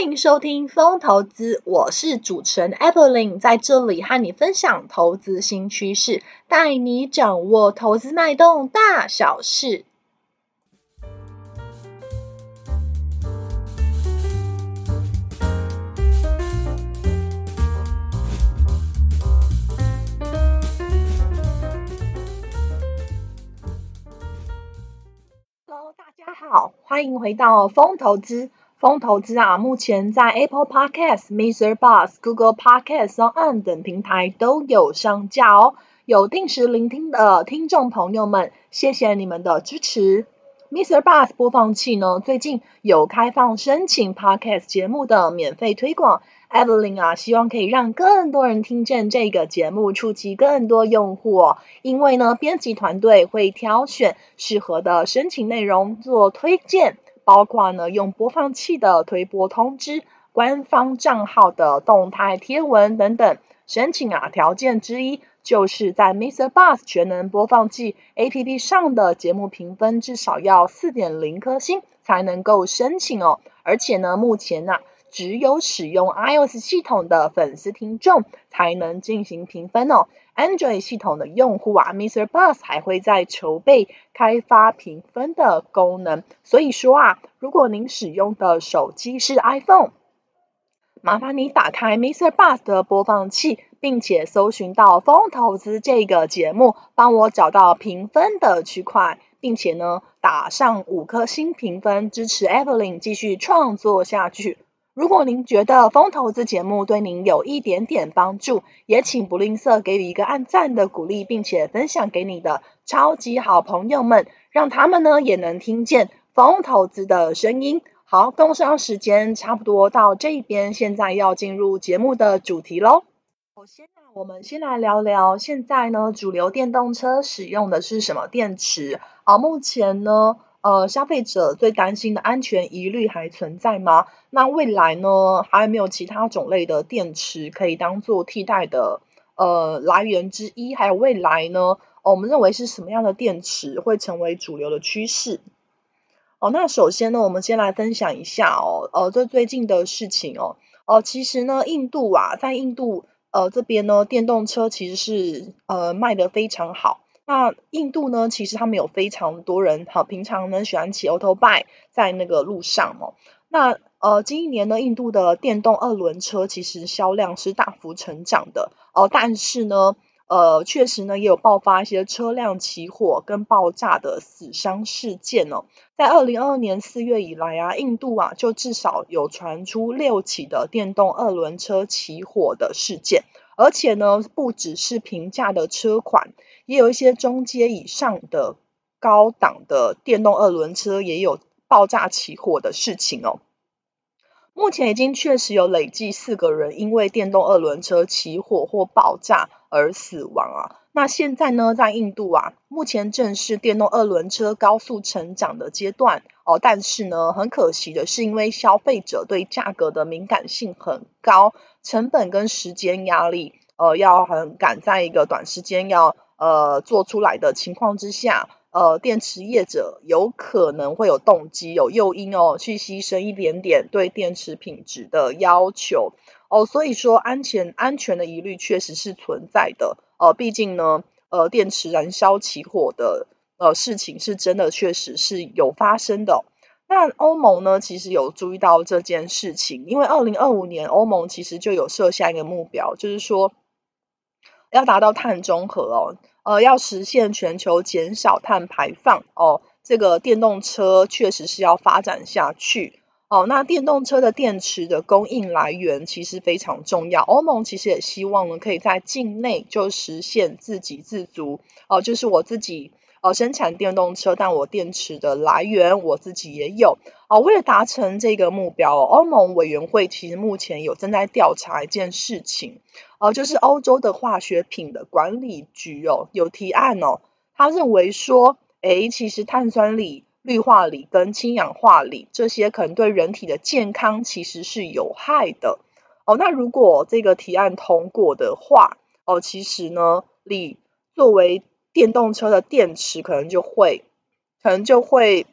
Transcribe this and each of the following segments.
歡迎收聽《風投資》，我是主持人 Evelyn，在這裡和你分享投資新趨勢，帶你掌握投資脈動大小事。Hello，大家好，歡迎回到《風投資》。瘋投資啊，目前在 Apple Podcast、Mr. Boss、Google Podcast、SoundOn 等平台都有上架哦。有定時聆聽的聽眾朋友們，謝謝你們的支持。Mr. Boss 播放器呢，最近有開放申請 Podcast 節目的免費推廣。Evelyn 啊，希望可以讓更多人聽見這個節目，觸及更多用戶哦。因為呢，編輯團隊會挑選適合的申請內容做推薦。包括呢，用播放器的推播通知、官方賬號的動態貼文等等。申請啊，條件，之一就是在 MixerBox 全能播放器 A P P 上的節目評分至少要四點零顆星才能夠申請哦。而且呢，目前呢、啊。只有使用 iOS 系統的粉絲聽眾才能進行評分哦。Android 系統的用戶啊，Mr. Bus 還會在籌備開發評分的功能。所以說啊，如果您使用的手機是 iPhone，麻煩你打開 Mr. Bus 的播放器，並且搜尋到《瘋投資》這個節目，幫我找到評分的區塊，並且呢打上五顆星評分，支持 Evelyn 繼續創作下去。如果您覺得《瘋投資》節目對您有一點點幫助，也請不吝嗇給予一個按讚的鼓勵，並且分享給你的超級好朋友們，讓他們呢也能聽見瘋投資的聲音。好，工商時間差不多到這邊，現在要進入節目的主題嘍。首先呢，我們先來聊聊現在呢主流電動車使用的是什麼電池？好，哦，目前呢。呃，消費者最擔心的安全疑慮還存在嗎？那未來呢？還有沒有其他種類的電池可以當做替代的呃來源之一？還有未來呢？哦，我們認為是什麼樣的電池會成為主流的趨勢？哦，那首先呢，我們先來分享一下哦，呃，這最近的事情哦，哦，呃，其實呢，印度啊，在印度呃這邊呢，電動車其實是呃賣得非常好。那印度呢？其實他們有非常多人好、啊、平常呢喜歡騎 auto bike 在那個路上哦。那呃，近一年呢，印度的電動二輪車其實銷量是大幅成長的哦，呃。但是呢，呃，確實呢也有爆發一些車輛起火跟爆炸的死傷事件哦。在二零二二年四月以來啊，印度啊就至少有傳出六起的電動二輪車起火的事件，而且呢不只是平價的車款。也有一些中階以上的高檔的電動二輪車也有爆炸起火的事情哦。目前已經確實有累計四個人因為電動二輪車起火或爆炸而死亡啊。那現在呢，在印度啊，目前正是電動二輪車高速成長的階段哦。但是呢，很可惜的是，因為消費者對價格的敏感性很高，成本跟時間壓力，呃，要很趕在一個短時間要。呃，做出來的情況之下，呃，電池業者有可能會有動機、有誘因哦，去犧牲一點點對電池品質的要求哦。所以說，安全安全的疑慮確實是存在的。哦、呃，畢竟呢，呃，電池燃燒起火的呃事情是真的，確實是有發生的。那歐盟呢，其實有注意到這件事情，因為二零二五年歐盟其實就有設下一個目標，就是說要達到碳中和哦。呃，要實現全球減少碳排放，哦，這個電動車確實是要發展下去。哦，那電動車的電池的供應來源其實非常重要。歐盟其實也希望呢，可以在境內就實現自給自足。哦，就是我自己，呃，生產電動車，但我電池的來源我自己也有。哦，為了達成這個目標哦，歐盟委員會其實目前有正在調查一件事情。哦，就是歐洲的化學品的管理局哦，有提案哦，他認為說誒，其實碳酸鋰、氯化鋰跟氫氧化鋰這些可能對人體的健康其實是有害的。哦，那如果這個提案通過的話，哦，其實呢，鋰作為電動車的電池，可能就會，可能就會。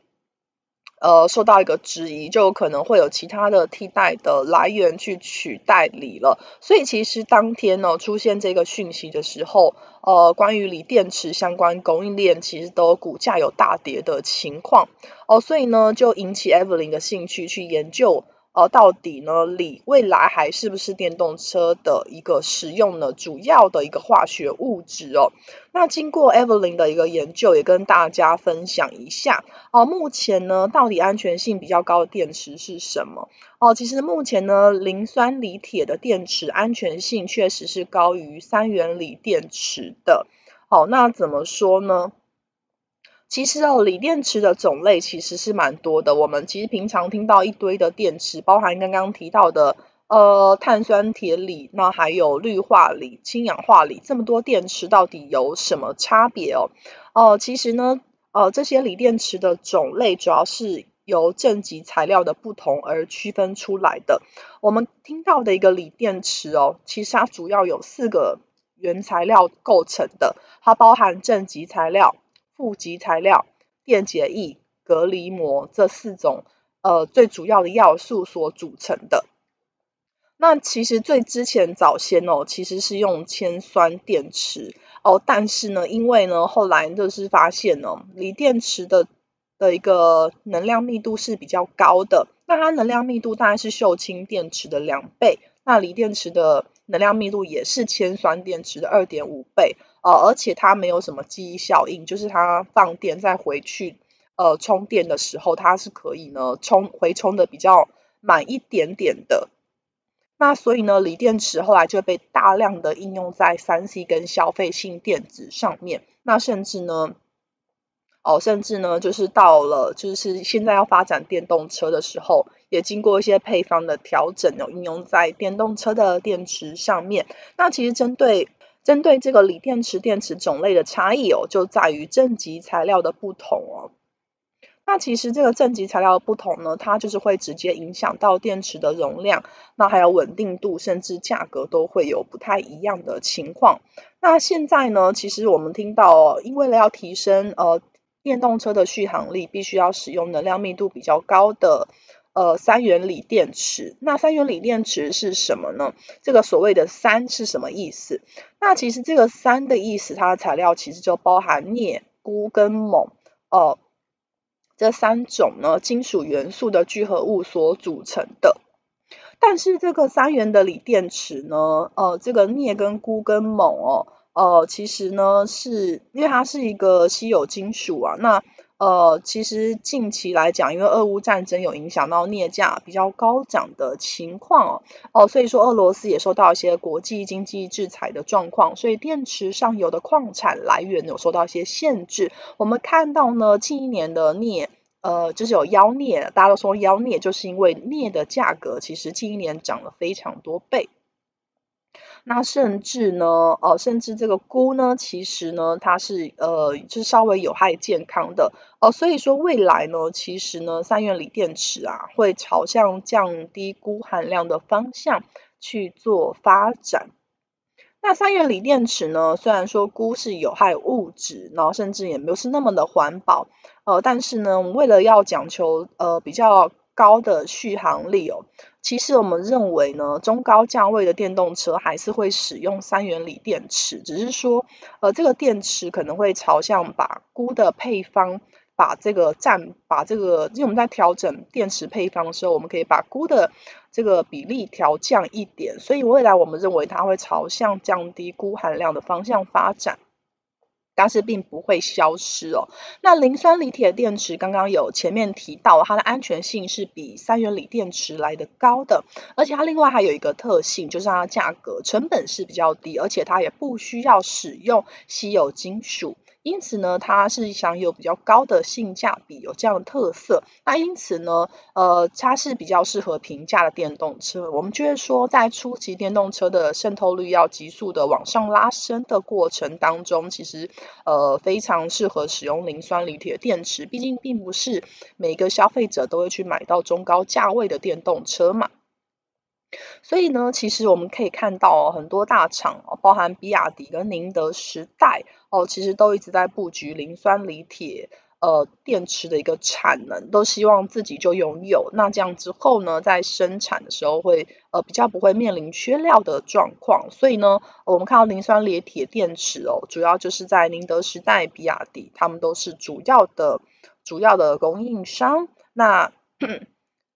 呃，受到一個質疑，就可能會有其他的替代的來源去取代鋰了。所以其實當天呢，出現這個訊息的時候，呃，關於鋰電池相關供應鏈其實都股價有大跌的情況。哦，所以呢，就引起 Evelyn 的興趣去研究。而到底呢，鋰未來還是不是電動車的一個使用呢？主要的一個化學物質哦。那經過 Evelyn 的一個研究，也跟大家分享一下。哦，目前呢，到底安全性比較高的電池是什麼？哦，其實目前呢，磷酸鋰鐵的電池安全性確實是高於三元鋰電池的。好，哦，那怎麼說呢？其實哦，鋰電池的種類其實是蠻多的。我們其實平常聽到一堆的電池，包含剛剛提到的呃碳酸鐵鋰，那還有氯化鋰、氫氧化鋰，這麼多電池到底有什麼差別哦？哦、呃，其實呢，呃，這些鋰電池的種類主要是由正極材料的不同而區分出來的。我們聽到的一個鋰電池哦，其實它主要有四個原材料構成的，它包含正極材料。負極材料、電解液、隔離膜這四種呃最主要的要素所組成的。那其實最之前早先哦，其實是用鉛酸電池哦，但是呢，因為呢後來就是發現哦，鋰電池的的一個能量密度是比較高的，那它能量密度大概是鎳氫電池的兩倍，那鋰電池的。能量密度也是鉛酸電池的二點五倍，呃，而且它沒有什麼記憶效應，就是它放電再回去，呃，充電的時候它是可以呢充回充的比較滿一點點的。那所以呢，鋰電池後來就被大量的應用在三 C 跟消費性電子上面，那甚至呢。哦，甚至呢，就是到了，就是現在要發展電動車的時候，也經過一些配方的調整，應用在電動車的電池上面。那其實針對針對這個鋰電池電池種類的差異哦，就在於正極材料的不同哦。那其實這個正極材料的不同呢，它就是會直接影響到電池的容量，那還有穩定度，甚至價格都會有不太一樣的情況。那現在呢，其實我們聽到哦，因為了要提升呃。電動車的續航力，必須要使用能量密度比較高的呃三元鋰電池。那三元鋰電池是什麼呢？這個所謂的“三”是什麼意思？那其實這個“三”的意思，它的材料其實就包含鎳、鈷跟錳哦，呃，這三種呢金屬元素的聚合物所組成的。但是這個三元的鋰電池呢，呃，這個鎳跟鈷跟錳哦。呃，其實呢，是因為它是一個稀有金屬啊。那呃，其實近期來講，因為俄烏戰爭有影響到鎳價比較高漲的情況哦，呃，所以說俄羅斯也受到一些國際經濟制裁的狀況，所以電池上游的礦產來源有受到一些限制。我們看到呢，近一年的鎳呃，就是有妖鎳，大家都說妖鎳，就是因為鎳的價格其實近一年漲了非常多倍。那甚至呢，呃、哦，甚至這個鈷呢，其實呢，它是呃，就是稍微有害健康的，呃、哦，所以說未來呢，其實呢，三元鋰電池啊，會朝向降低鈷含量的方向去做發展。那三元鋰電池呢，雖然說鈷是有害物質，然後甚至也沒有是那麼的環保，呃，但是呢，為了要講求呃比較高的續航力哦。其實我們認為呢，中高價位的電動車還是會使用三元鋰電池，只是說，呃，這個電池可能會朝向把鈷的配方把這個占把這個，因為我們在調整電池配方的時候，我們可以把鈷的這個比例調降一點，所以未來我們認為它會朝向降低鈷含，含量的方向發展。但是並不會消失哦。那磷酸鋰鐵電池剛剛有前面提到，它的安全性是比三元鋰電池來得高的，而且它另外還有一個特性，就是它的價格成本是比較低，而且它也不需要使用稀有金屬。因此呢，它是享有比較高的性價比，有這樣的特色。那因此呢，呃，它是比較適合平價的電動車。我們覺得說，在初級電動車的滲透率要急速的往上拉升的過程當中，其實呃，非常適合使用磷酸鋰鐵電池。畢竟並不是每個消費者都會去買到中高價位的電動車嘛。所以呢，其實我們可以看到，哦，很多大廠，哦，包含比亞迪跟寧德時代哦，其實都一直在布局磷酸鋰鐵呃電池的一個產能，都希望自己就擁有。那這樣之後呢，在生產的時候會呃比較不會面臨缺料的狀況。所以呢，哦，我們看到磷酸鋰鐵電池哦，主要就是在寧德時代、比亞迪，他們都是主要的主要的供應商。那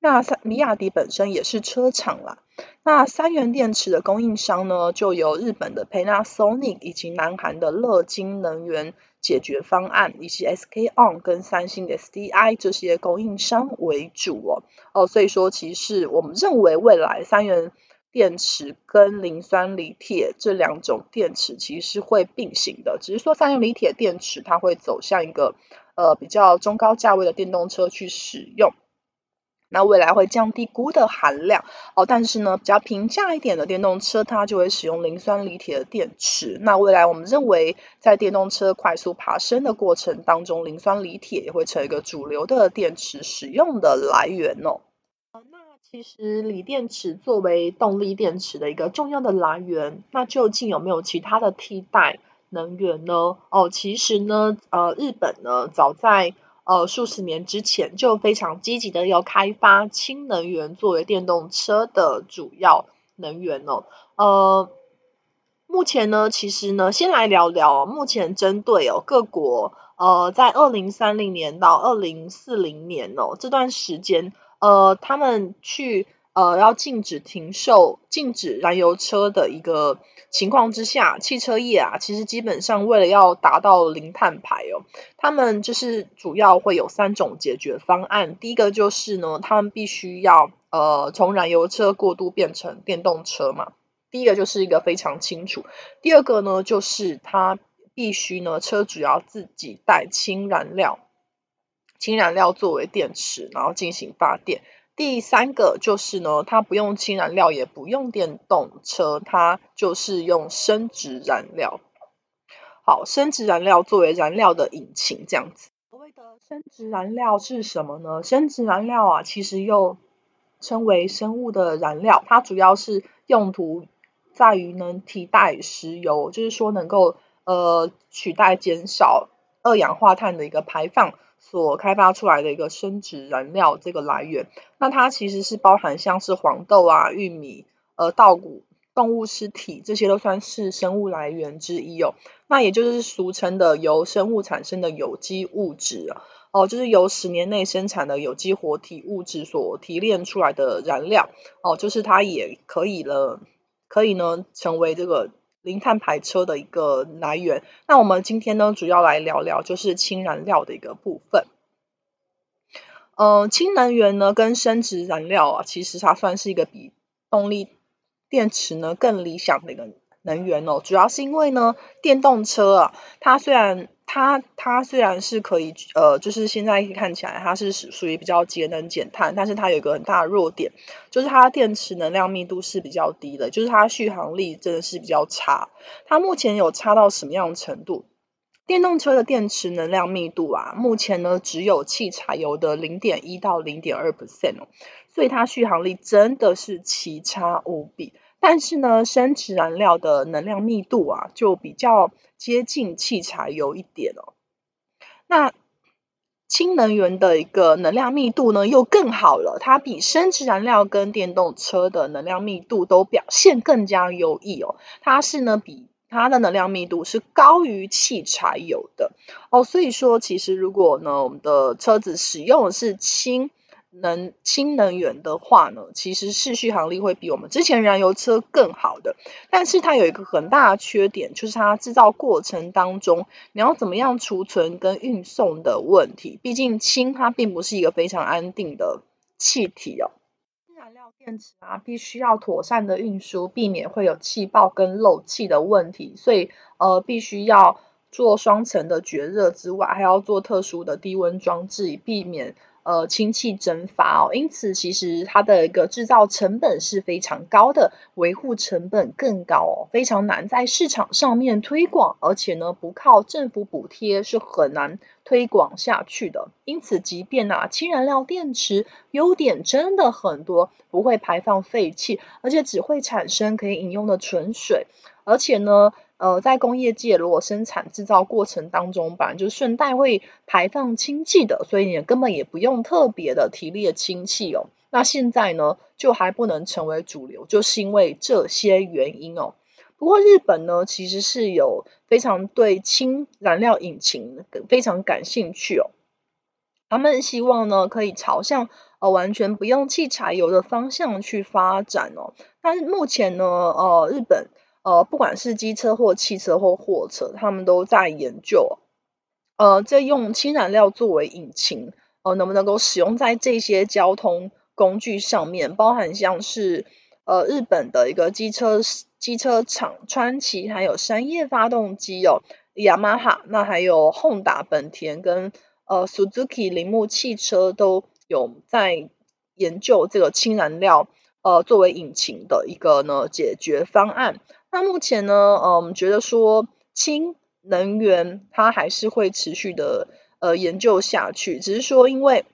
那三米亞迪本身也是車廠啦。那三元電池的供應商呢，就由日本的 Panasonic 以及南韓的樂金能源解決方案，以及 SK On 跟三星的 SDI 這些供應商為主哦。哦，所以說其實我們認為未來三元電池跟磷酸鋰鐵這兩種電池其實是會並行的，只是說三元鋰鐵電池它會走向一個呃比較中高價位的電動車去使用。那未來會降低鈷的含量哦，但是呢，比較平價一點的電動車，它就會使用磷酸鋰鐵的電池。那未來我們認為，在電動車快速爬升的過程當中，磷酸鋰鐵也會成為一個主流的電池使用的來源哦。那其實鋰電池作為動力電池的一個重要的來源，那究竟有沒有其他的替代能源呢？哦，其實呢，呃，日本呢，早在。呃，數十年之前就非常積極的要開發氫能源作為電動車的主要能源哦。呃，目前呢，其實呢，先來聊聊、哦、目前針對哦各國呃，在二零三零年到二零四零年哦，這段時間，呃，他們去。呃，要禁止停售，禁止燃油車的一個情況之下，汽車業啊，其實基本上為了要達到零碳排哦，他們就是主要會有三種解決方案。第一個就是呢，他們必須要呃從燃油車過渡變成電動車嘛。第一個就是一個非常清楚。第二個呢，就是他必須呢，車主要自己帶氫燃料，氫燃料作為電池，然後進行發電。第三個就是呢，它不用氫燃料，也不用電動車，它就是用生物質燃料。好，生物質燃料作為燃料的引擎，這樣子。所謂的生物質燃料是什麼呢？生物質燃料啊，其實又稱為生物的燃料，它主要是用途在於能替代石油，就是說能夠呃取代減少二氧化碳的一個排放。所開發出來的一個生質燃料這個來源，那它其實是包含像是黃豆啊、玉米、呃、稻穀、動物屍體這些都算是生物來源之一哦。那也就是俗稱的由生物產生的有機物質哦，就是由十年內生產的有機活體物質所提煉出來的燃料哦，就是它也可以了，可以呢成為這個。零碳排車的一個來源。那我們今天呢，主要來聊聊就是氫燃料的一個部分。嗯、呃，氫能源呢跟生質燃料啊，其實它算是一個比動力電池呢更理想的一個能源哦。主要是因為呢，電動車啊，它雖然它它雖然是可以呃，就是現在看起來它是屬於比較節能減碳，但是它有一個很大的弱點，就是它的電池能量密度是比較低的，就是它續航力真的是比較差。它目前有差到什麼樣的程度？電動車的電池能量密度啊，目前呢只有汽柴油的零點一到零點二%哦，所以它續航力真的是奇差無比。但是呢，生質燃料的能量密度啊，就比較。接近汽柴油一點哦，那氫能源的一個能量密度呢又更好了，它比生質燃料跟電動車的能量密度都表現更加優異哦。它是呢，比它的能量密度是高於汽柴油的哦，所以說其實如果呢，我們的車子使用的是氫。能氫能源的話呢，其實是續航力會比我們之前燃油車更好的，但是它有一個很大的缺點，就是它制造過程當中，你要怎麼樣儲存跟運送的問題，畢竟氫它並不是一個非常安定的氣體哦。燃料電池啊，必須要妥善的運輸，避免會有氣爆跟漏氣的問題，所以呃，必須要做雙層的絕熱之外，還要做特殊的低溫裝置，以避免。呃，氫氣蒸發哦，因此其實它的一個製造成本是非常高的，維護成本更高哦，非常難在市場上面推廣，而且呢，不靠政府補貼是很難推廣下去的。因此，即便呢、啊，氫燃料電池優點真的很多，不會排放廢氣，而且只會產生可以飲用的純水，而且呢。呃，在工業界，如果生產制造過程當中，本來就順帶會排放氫氣的，所以你根本也不用特別的提煉氫氣哦。那現在呢，就還不能成為主流，就是因為這些原因哦。不過日本呢，其實是有非常對氫燃料引擎非常感興趣哦。他們希望呢，可以朝向呃完全不用汽柴油的方向去發展哦。但目前呢，呃，日本。呃，不管是機車或汽車或貨車，他們都在研究，呃，在用氫燃料作為引擎，呃，能不能夠使用在這些交通工具上面？包含像是呃日本的一個機車機車廠川崎，還有山葉發動機哦，雅馬哈，那還有 Honda、本田跟呃 Suzuki、鈴木汽車都有在研究這個氫燃料呃作為引擎的一個呢解決方案。那目前呢，呃、嗯，我們覺得說氫能源它還是會持續的呃研究下去，只是說因為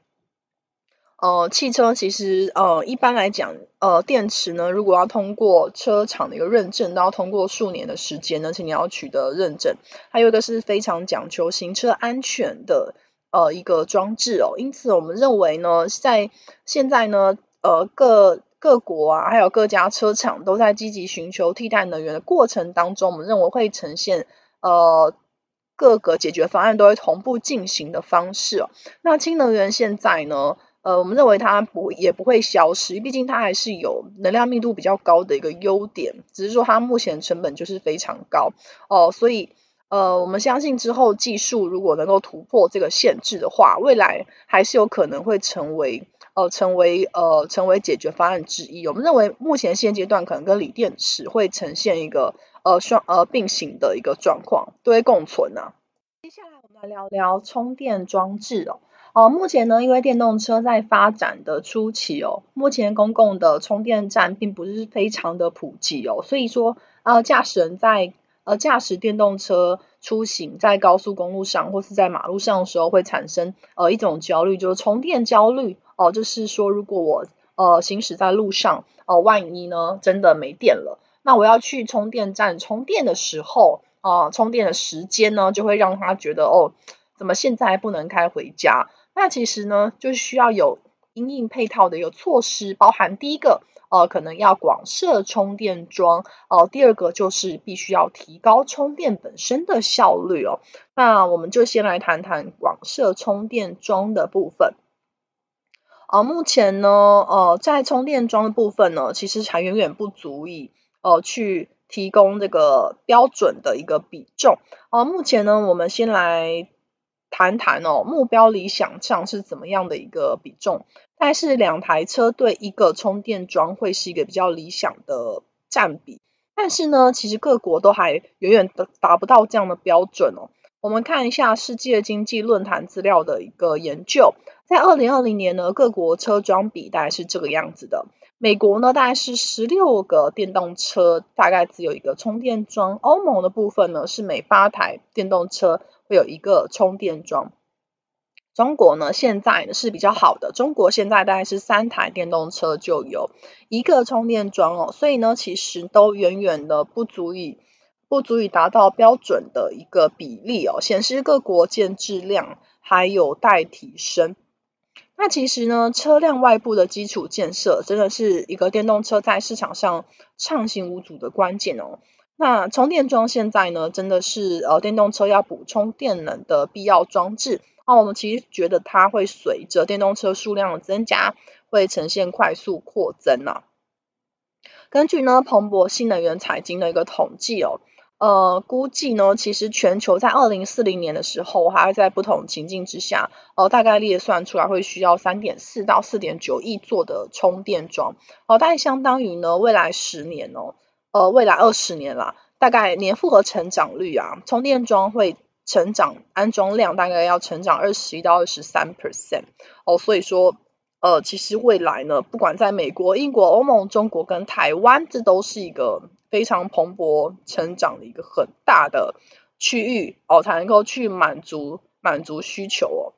呃汽車其實呃一般來講呃電池呢，如果要通過車廠的一個認證，都要通過數年的時間，呢，請你要取得認證，還有一個是非常講求行車安全的呃一個裝置哦。因此，我們認為呢，在現在呢呃各各國啊，還有各家車廠都在積極尋求替代能源的過程當中，我們認為會呈現呃各個解決方案都會同步進行的方式哦。那氫能源現在呢，呃，我們認為它不也不會消失，畢竟它還是有能量密度比較高的一個優點，只是說它目前成本就是非常高哦。呃，所以呃，我們相信之後技術如果能夠突破這個限制的話，未來還是有可能會成為。呃，成為呃成為解決方案之一。我們認為目前現階段可能跟鋰電池會呈現一個呃雙呃並行的一個狀況，對共存呢，啊。接下來我們來聊聊充電裝置哦。哦，呃，目前呢，因為電動車在發展的初期哦，目前公共的充電站並不是非常的普及哦，所以說呃，駕駛人在呃駕駛電動車出行在高速公路上或是在馬路上的時候會產生呃一種焦慮，就是充電焦慮。哦，就是說，如果我呃行駛在路上，哦、呃，萬一呢真的沒電了，那我要去充電站充電的時候，啊、呃，充電的時間呢就會讓他覺得哦，怎麼現在不能開回家？那其實呢，就需要有因應配套的一個措施，包含第一個呃，可能要廣設充電樁，哦、呃，第二個就是必須要提高充電本身的效率哦。那我們就先來談談廣設充電樁的部分。啊，目前呢，呃，在充電樁的部分呢，其實還遠遠不足以，呃，去提供這個標準的一個比重。啊、呃，目前呢，我們先來談談哦，目標理想上是怎麼樣的一個比重？大概是兩台車對一個充電樁會是一個比較理想的占比，但是呢，其實各國都還遠遠的達不到這樣的標準哦。我們看一下世界經濟論壇資料的一個研究，在二零二零年呢，各國車樁比大概是這個樣子的。美國呢，大概是十六個電動車大概只有一個充電樁；歐盟的部分呢，是每八台電動車會有一個充電樁。中國呢，現在呢是比較好的，中國現在大概是三台電動車就有一個充電樁哦。所以呢，其實都遠遠的不足以。不足以達到標準的一個比例哦，顯示各國建置量還有待提升。那其實呢，車輛外部的基礎建設真的是一個電動車在市場上暢行無阻的關鍵哦。那充電樁現在呢，真的是呃電動車要補充電能的必要裝置。那我們其實覺得它會隨着電動車數量的增加，會呈現快速擴增啊。根據呢，彭博新能源財經的一個統計哦。呃，估計呢，其實全球在二零四零年的時候，還會在不同情境之下，哦、呃，大概列算出來會需要三點四到四點九億座的充電樁，哦、呃，大概相當於呢，未來十年哦，呃，未來二十年啦，大概年複合成長率啊，充電樁會成長安裝量大概要成長二十一到二十三 percent，哦，所以說，呃，其實未來呢，不管在美國、英國、歐盟、中國跟台灣，這都是一個，非常蓬勃成長的一個很大的區域哦，才能夠去滿足滿足需求哦。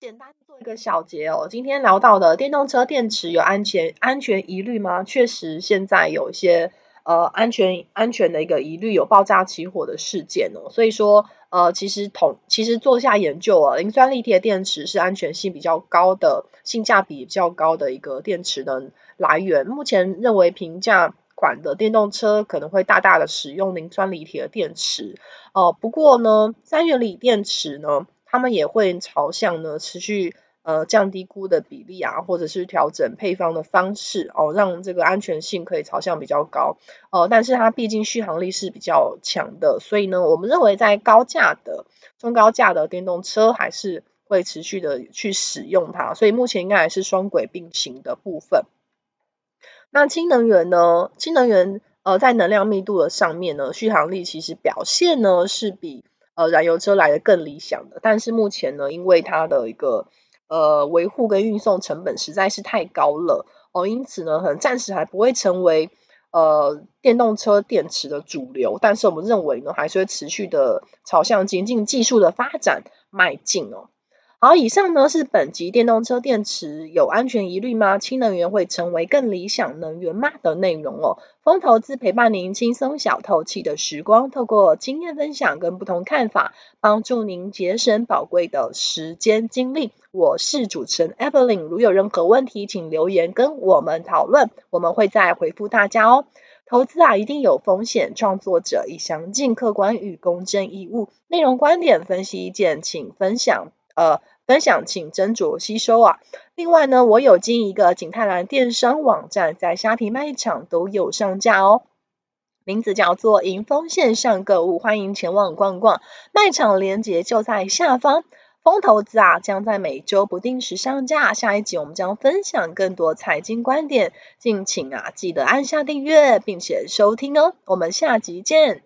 簡單做一個小結哦，今天聊到的電動車電池有安全安全疑慮嗎？確實，現在有一些呃安全安全的一個疑慮，有爆炸起火的事件哦。所以說呃，其實同其實做下研究啊，磷酸鋰鐵電池是安全性比較高的、性價比比較高的一個電池的來源。目前認為評價。款的電動車可能會大大的使用磷酸鋰鐵的電池哦、呃，不過呢，三元鋰電池呢，他們也會朝向呢持續呃降低鈷的比例啊，或者是調整配方的方式哦，讓這個安全性可以朝向比較高哦、呃，但是它畢竟續航力是比較強的，所以呢，我們認為在高價的中高價的電動車還是會持續的去使用它，所以目前應該還是雙軌並行的部分。那氫能源呢？氫能源呃，在能量密度的上面呢，續航力其實表現呢是比呃燃油車來的更理想的。但是目前呢，因為它的一個呃維護跟運送成本實在是太高了哦，因此呢，可能暫時還不會成為呃電動車電池的主流。但是我們認為呢，還是會持續的朝向先進技術的發展邁進哦。好，以上呢是本集電動車電池有安全疑慮嗎？氫能源會成為更理想能源嗎的內容哦。瘋投資陪伴您輕鬆小透氣的時光，透過經驗分享跟不同看法，幫助您節省寶貴的時間精力。我是主持人 Evelyn，如有任何問題，請留言跟我們討論，我們會再回復大家哦。投資啊，一定有風險。創作者以詳盡、客觀與公正義務，內容、觀點、分析意見，請分享。呃，分享請斟酌吸收啊。另外呢，我有經營一個景泰藍電商網站，在蝦皮賣場都有上架哦，名字叫做瑩豐線上購物，歡迎前往逛逛。賣場連結就在下方。瘋投資啊，將在每周不定時上架。下一集我們將分享更多財經觀點，敬請啊記得按下訂閱並且收聽哦。我們下集見。